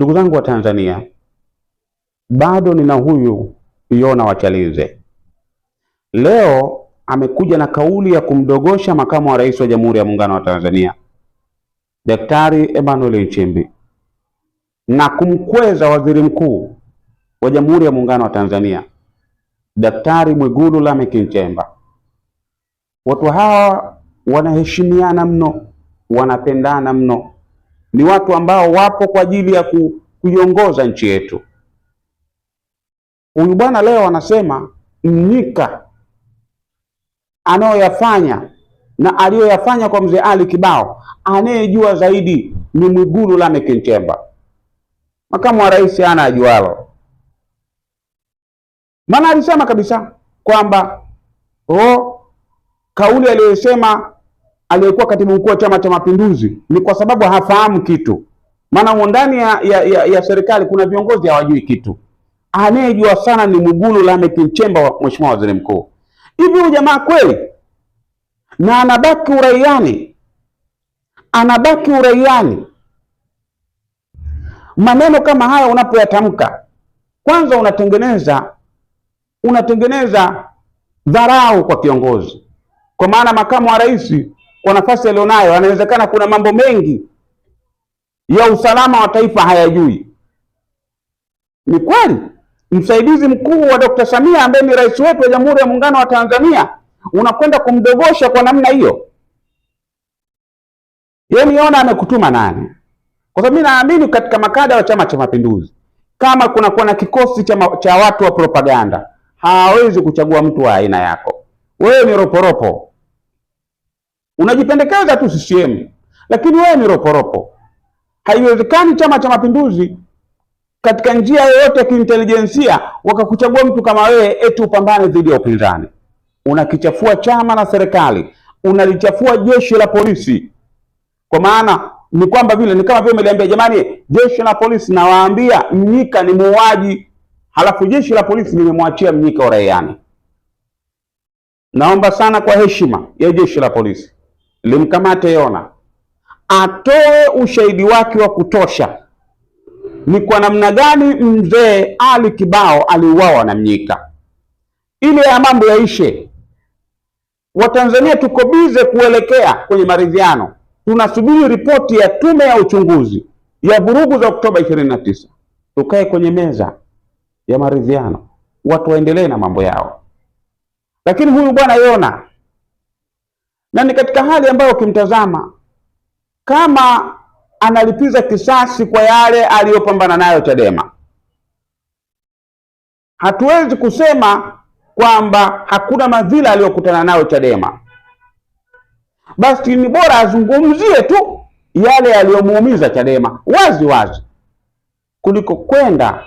Ndugu zangu wa Tanzania, bado nina huyu Yona Wachalinze. Leo amekuja na kauli ya kumdogosha makamu wa rais wa Jamhuri ya Muungano wa Tanzania Daktari Emmanuel Nchimbi na kumkweza waziri mkuu wa Jamhuri ya Muungano wa Tanzania Daktari Mwigulu Lameck Nchemba. Watu hawa wanaheshimiana mno, wanapendana mno ni watu ambao wapo kwa ajili ya kuiongoza nchi yetu. Huyu bwana leo anasema Mnyika anayoyafanya na aliyoyafanya kwa mzee Ali Kibao, anayejua zaidi ni Mwigulu Lameck Nchemba. Makamu wa rais ana ajualo, maana alisema kabisa kwamba oh, kauli aliyosema aliyekuwa katibu mkuu wa Chama cha Mapinduzi ni kwa sababu hafahamu kitu, maana ndani ya, ya, ya, ya serikali kuna viongozi hawajui kitu. Anayejua sana ni Mwigulu Lameck Nchemba, mheshimiwa waziri mkuu. Hivi huyu jamaa kweli na anabaki uraiani, anabaki uraiani. Maneno kama haya unapoyatamka, kwanza unatengeneza unatengeneza dharau kwa kiongozi, kwa maana makamu wa rais kwa nafasi alionayo, anawezekana kuna mambo mengi ya usalama wa taifa hayajui. Ni kweli msaidizi mkuu wa Dr. Samia ambaye ni rais wetu wa Jamhuri ya Muungano wa Tanzania unakwenda kumdogosha kwa namna hiyo, yeye niona amekutuma nani? Kwa sababu mimi naamini katika makada wa Chama cha Mapinduzi, kama kunakuwa na kikosi cha, cha watu wa propaganda hawawezi kuchagua mtu wa aina yako. Wewe ni roporopo unajipendekeza tu CCM, lakini wewe ni roporopo. Haiwezekani Chama cha Mapinduzi katika njia yoyote ya kiintelijensia wakakuchagua mtu kama wewe eti upambane dhidi ya upinzani. Unakichafua chama na serikali, unalichafua jeshi la polisi. Kwa maana ni kwamba vile ni kama vile umeliambia jamani, jeshi la polisi nawaambia Mnyika ni muuaji, halafu jeshi la polisi nimemwachia Mnyika uraiani. Naomba sana kwa heshima ya jeshi la polisi limkamate Yona atoe ushahidi wake wa kutosha ni kwa namna gani mzee Ali Kibao aliuawa na Mnyika, ili ya mambo yaishe. Watanzania tuko bize kuelekea kwenye maridhiano, tunasubiri ripoti ya tume ya uchunguzi ya vurugu za Oktoba 29 Tukae kwenye meza ya maridhiano, watu waendelee na mambo yao, lakini huyu bwana Yona na ni katika hali ambayo ukimtazama kama analipiza kisasi kwa yale aliyopambana nayo Chadema. Hatuwezi kusema kwamba hakuna madhila aliyokutana nayo Chadema, basi ni bora azungumzie tu yale yaliyomuumiza Chadema wazi wazi kuliko kwenda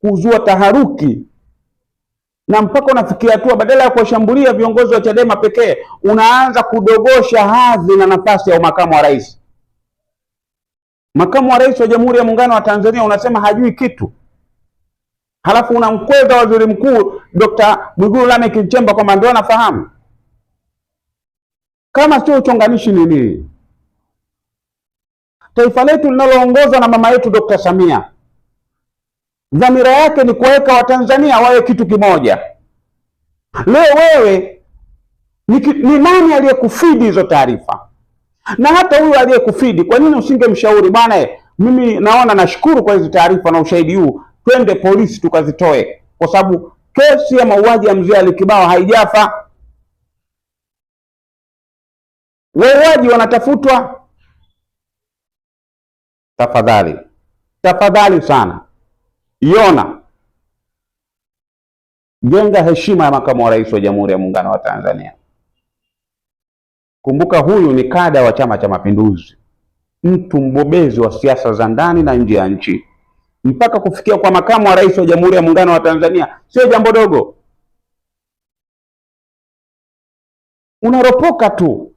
kuzua taharuki na mpaka unafikia hatua badala ya kuwashambulia viongozi wa Chadema pekee unaanza kudogosha hadhi na nafasi ya makamu wa rais. Makamu wa rais wa Jamhuri ya Muungano wa Tanzania unasema hajui kitu, halafu unamkweza waziri mkuu Dr. Mwigulu Lameck Nchemba kwamba ndio anafahamu. Kama sio uchonganishi nini? Taifa letu linaloongozwa na mama yetu Dr. Samia dhamira yake ni kuwaweka Watanzania wawe kitu kimoja. Leo wewe ni, ni nani aliyekufidi hizo taarifa? Na hata huyu aliyekufidi, kwa nini usingemshauri bwana, mimi naona, nashukuru kwa hizi taarifa na ushahidi huu, twende polisi tukazitoe, kwa sababu kesi ya mauaji ya mzee alikibao haijafa, wauaji wanatafutwa. Tafadhali, tafadhali sana Yona, jenga heshima ya makamu wa rais wa Jamhuri ya Muungano wa Tanzania. Kumbuka huyu ni kada wa Chama cha Mapinduzi, mtu mbobezi wa siasa za ndani na nje ya nchi, mpaka kufikia kwa makamu wa rais wa Jamhuri ya Muungano wa Tanzania sio jambo dogo. Unaropoka tu,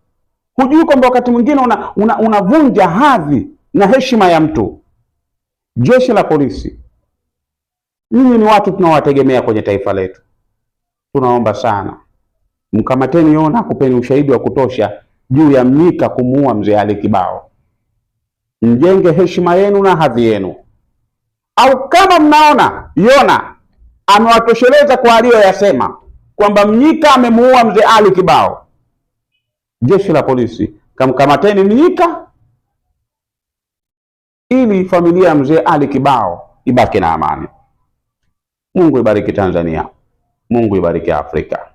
hujui kwamba wakati mwingine unavunja una, una hadhi na heshima ya mtu. Jeshi la polisi Ninyi ni watu tunaowategemea kwenye taifa letu. Tunaomba sana mkamateni Yona, kupeni ushahidi wa kutosha juu ya Mnyika kumuua mzee Ali Kibao, mjenge heshima yenu na hadhi yenu. Au kama mnaona Yona amewatosheleza kwa aliyoyasema kwamba Mnyika amemuua mzee Ali Kibao, jeshi la polisi kamkamateni Mnyika ili familia ya mzee Ali Kibao ibaki na amani. Mungu ibariki Tanzania, Mungu ibariki Afrika.